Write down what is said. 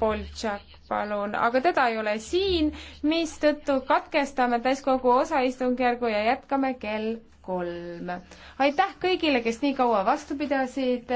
Boltšak, palun, aga teda ei ole siin, mistõttu katkestame täiskogu osaistungjärgu ja jätkame kell kolm. aitäh kõigile, kes nii kaua vastu pidasid